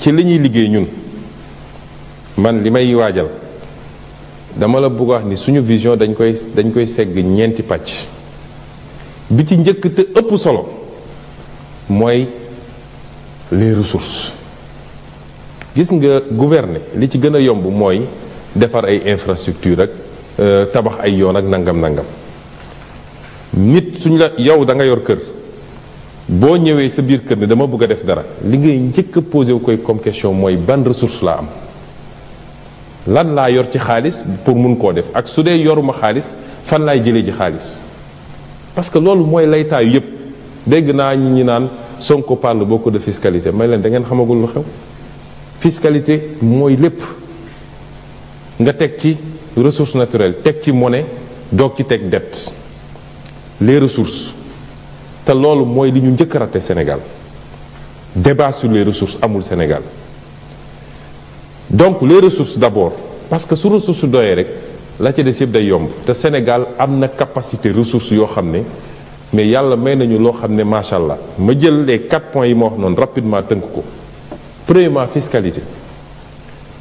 ci li ñuy liggéey ñun man li may waajal dama la bëgg wax ni suñu vision dañ koy dañ koy segg ñeenti pàcc bi ci njëkk te ëpp solo mooy les ressources gis nga gouverner li ci gën a yomb mooy defar ay infrastructure ak euh, tabax ay yoon ak nangam nangam nit suñu la yow da nga yor kër boo ñëwee sa biir kër ne dama bëgg a def dara li ngay njëkk a posé wu koy comme question mooy ban ressource laa am lan laa yor ci xaalis pour mun koo def ak su dee yoruma xaalis fan laay jëlee ji xaalis parce que loolu mooy laytaayu yépp dégg naa ñi ñi naan Sonko parle beaucoup de fiscalité may leen da ngeen xamagul lu xew fiscalité mooy lépp nga teg ci ressource naturelle teg ci monnaie doog ci teg dette les ressources te loolu mooy li ñu njëkk a Sénégal débat sur les ressources amul Sénégal donc les ressources d'abord parce que su ressource doyee rek la ca des yëpp day yomb te Sénégal am na capacité ressource yoo xam ne mais yàlla may nañu loo xam ne macha allah ma jël les quatre point yi ma wax noonu rapidement tënk ko premièrement fiscalité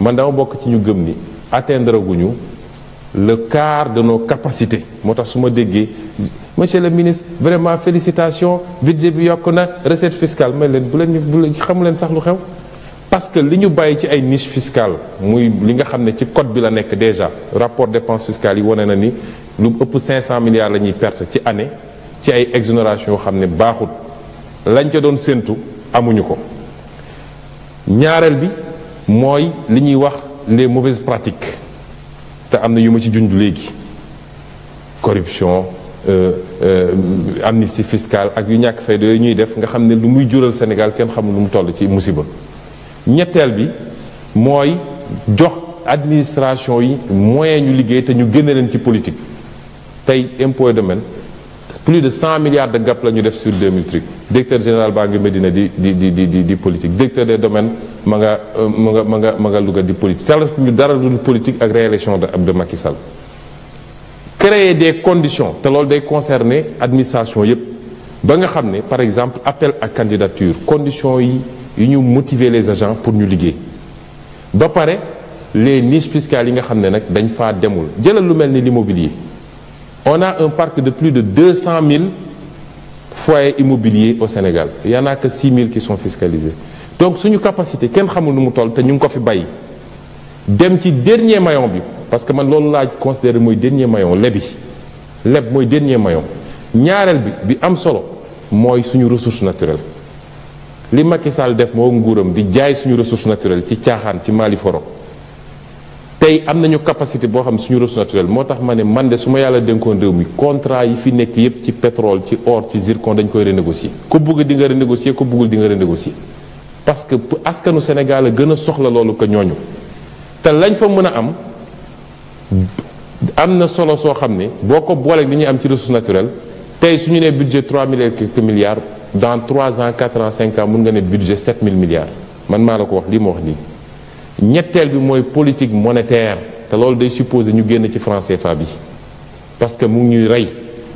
man dama bokk ci ñu gëm ni atteindre guñu le quart de nos capacités monsieur le ministre vraiment félicitations budget bi yokk recette fiscale Mais leen bu leen bu leen xamu leen sax lu xew parce que li ñu bàyyi ci ay niche fiscale muy li nga xam ne ci code bi la nekk déjà rapport dépenses fiscales, yi wane na ni lu ëpp 500 milliards la ñuy perte ci année ci ay exonération yoo xam ne baaxut lañ ca doon séentu amuñu ko rien bi mooy li wax les mauvaises pratiques te am na yu ma ci junj léegi corruption euh, euh, amnistie fiscale ak yu ñak fay yooyu ñuy def nga xamne lu muy jural Sénégal kenn xamul lu mu toll ci musiba ñettel bi moy jox administration yi moyen ñu liggéey te ñu génne leen ci politique tay impôt domaine plus de 100 milliards de gap la ñu def sur 2000 2003 directeur général baa Medina di di di di di politique directeur des domaines euh, ma nga ma nga ma Dans le di politique talatuñu dara politique ak réélection de de Macky créer des conditions te que day concerner administration yépp ba nga xamné par exemple appel à candidature conditions yi yu ñu motiver les agents pour ñu liguer. D'après, les niches fiscales yi nga xamné ne dañ fa demul jëlal lu melni l'immobilier on a un parc de plus de 200 000 foyers immobiliers au Sénégal il y en a que 6 000 qui sont fiscalisés donc suñu capacité kenn xamul nu mu toll te ñu ngi ko fi bay dem ci dernier mayon bi parce que man loolu laaj considéré mooy dernier maillon lebi leb mooy dernier maillon ñaareel bi bi am solo mooy suñu ressource naturelle li Macky Sall def moo nguuram di jaay suñu ressource naturelle ci caaxaan ci Mali foro tey am nañu capacité boo xam suñu ressource naturelle moo tax ma ne man de suma yàlla dénkoon réew mi contrat yi fi nekk yépp ci pétrole ci or ci zircon dañ koy renégocier ku bëgg di nga renégocier ku bëggul di nga renégocier parce que askanu Sénégal a gën a soxla loolu ko ñooñu te lañ fa mën a am am na solo soo xam ne boo ko booleeg li ñuy am ci ressource naturelle tey suñu ñu nee budget 3000 et quelques milliards dans 3 ans 4 ans 5 ans mun nga ne budget 7000 milliards man maa la ko wax lii ma wax nii ñetteel bi mooy politique monétaire te loolu day supposé ñu génn ci franc CFA bi parce que mu ngi ñuy rey.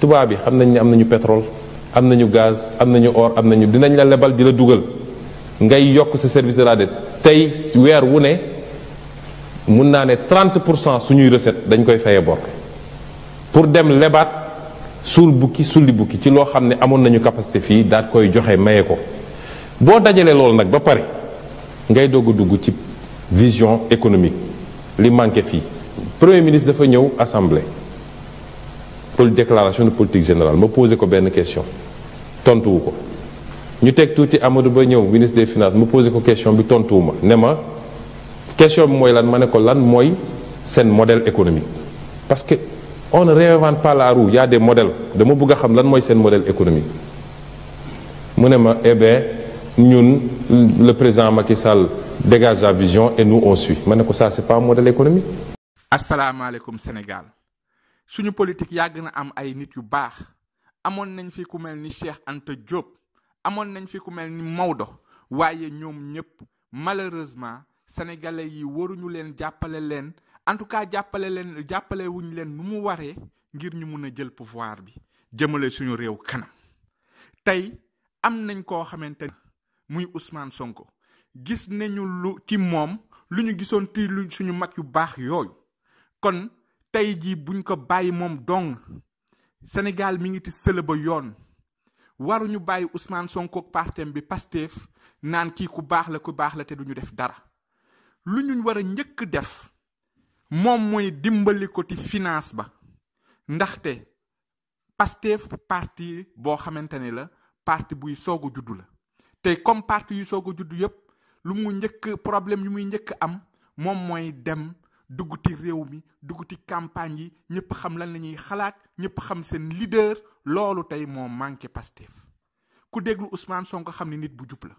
tubaab bi xam nañ ne am nañu pétrole am nañu gaz am nañu or am nañu dinañ la lebal di la dugal ngay yokk sa service de la dette tey weer wu ne mun naa ne 30 pour cent suñuy recette dañ koy fayee bor pour dem lebat suul bukki sulli bukki ci loo xam ne amoon nañu capacité fii daat koy joxe maye ko boo dajalee loolu nag ba pare ngay doog a dugg ci vision économique li manqué fii premier ministre dafa ñëw assemblée déclaration de politique générale me posé ko une question tontou Nous ñu tout tuuti Amadou Ba ministre des finances me posé ko question mais tontou ma moi. question bi mooy lan ma ko modèle économique parce que on ne réinvente pas la roue Il y a des modèles De mon a xam moi c'est un modèle économique Mon me eh bien le président Macky Sall dégage la vision et nous on suit ma ça c'est pas un modèle économique Assalamu alaikum Sénégal suñu politique yàgg na am ay nit yu baax amoon nañ fi ku mel ni Cheikh Anta Diop amoon nañ fi ku mel ni Maodo waaye ñoom ñëpp malheureusement sénégalais yi waruñu leen jàppale leen en tout cas jàppale leen jàppalewuñ leen nu mu waree ngir ñu mun a jël pouvoir bi jëmale suñu réew kanam tey am nañ koo xamante muy Ousmane Sonko gis nañu lu ci moom lu ñu gisoon ti lu suñu mag yu baax yooyu tey jii buñ ko bàyyi moom dong Sénégal mi ngi ci sële yoon waruñu bàyyi Ousmane Sonko partem bi Pastef naan kii ku baax la ku baax la te duñu def dara lu ñu war a njëkk def moom mooy dimbali ko ci finance ba ndaxte Pastef parti boo xamante ne la parti buy soog a juddu la te comme parti yu soog a juddu yépp lu mu njëkk problème yu muy njëkk am moom mooy dem dugguti réew mi dugguti campagne yi ñëpp xam lan la xalaat ñëpp xam seen leader loolu tey moo manqué Pastef ku déglu Ousmane Sonko xam ni nit bu jub la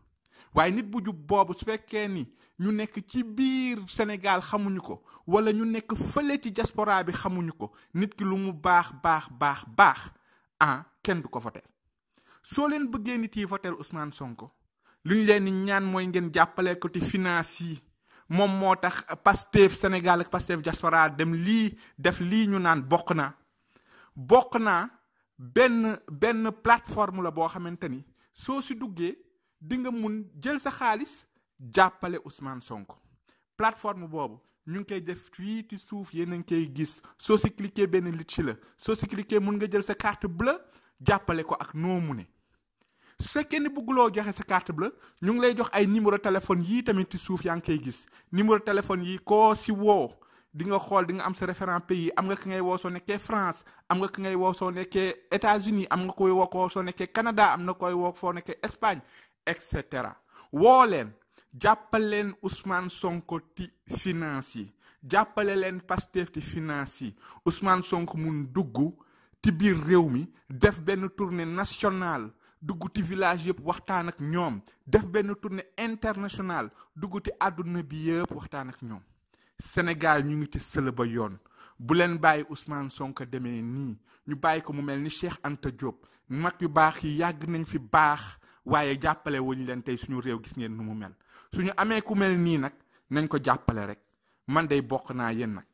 waaye nit bu jub boobu su fekkee ni ñu nekk ci biir Sénégal xamuñu ko wala ñu nekk fële ci diaspora bi xamuñu ko nit ki lu mu baax baax baax baax ah kenn du ko voteel soo leen bëggee nit yi voteel Ousmane Sonko lu ñu leen ñaan mooy ngeen jàppale ko finance yi moom moo tax Pastef Sénégal ak Pastef diaspora dem lii def lii ñu naan bokk naa bokk naa benn benn plateforme la boo xamante ni soo si duggee di nga mun jël sa xaalis jàppale Ousmane sonk plateforme boobu ñu ngi koy def fii ci suuf yéen a ngi koy gis soo si cliquer benn lit ci la soo si cliquer mun nga jël sa carte bleue jàppale ko ak noo mu ne su fekkee ne bëgguloo joxe sa carte bleue ñu ngi lay jox ay numéro téléphone yi tamit ci suuf yaa ngi koy gis numéro téléphone yi koo si woo di nga xool di nga am sa référent pays am nga ki ngay woo soo nekkee France am nga ki ngay woo soo nekkee États-Unis am nga koy woo ko soo nekkee Canada am na koy woo soo nekkee Espagne et cetera woo leen jàppale leen Ousmane Sonko ti finance yi jàppale leen Pastef ti finance yi Ousmane Sonko mun dugg ci biir réew mi def benn tournée nationale dugg ci village yëpp waxtaan ak ñoom def benn tournée internationale dugg ti àdduna bi yëpp waxtaan ak ñoom Sénégal ñu ngi ci sëla yoon bu leen bàyyi Ousmane sonk demee nii ñu bàyyi ko mu mel ni Cheikh Anta Diop mag yu baax yi yàgg nañ fi baax waaye jàppale ñu leen tey suñu réew gis ngeen nu mu mel suñu amee ku mel nii nag nañ ko jàppale rek man dey bokk naa yéen nag.